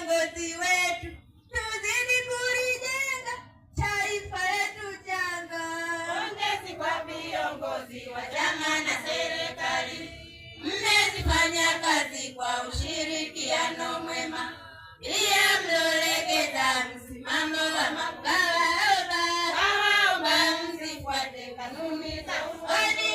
viongozi wetu tuzidi kulijenga taifa letu changa. Pongezi kwa viongozi wa chama na serikali, mmezifanya kazi kwa ushirikiano mwema, pia mlolekeza msimamo wa mababa. Hawaomba msifuate kanuni za ufani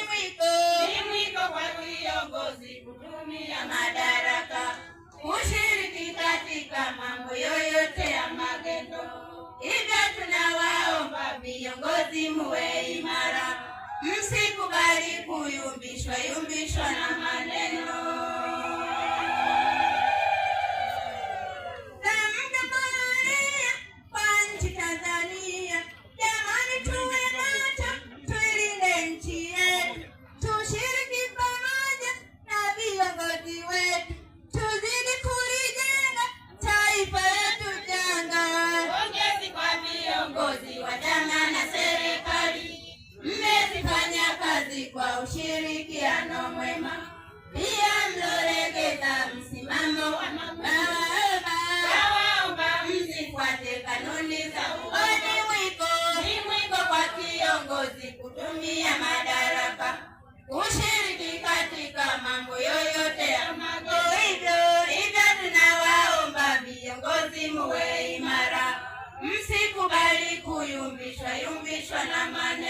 Hivyo tunawaomba viongozi muwe imara, msikubali kuyumbishwa yumbishwa na viongozi kutumia madaraka, kushiriki katika mambo yoyote ya mako. Hivyo hivyo tunawaomba viongozi, muwe imara, msikubali kuyumbishwa yumbishwa na mana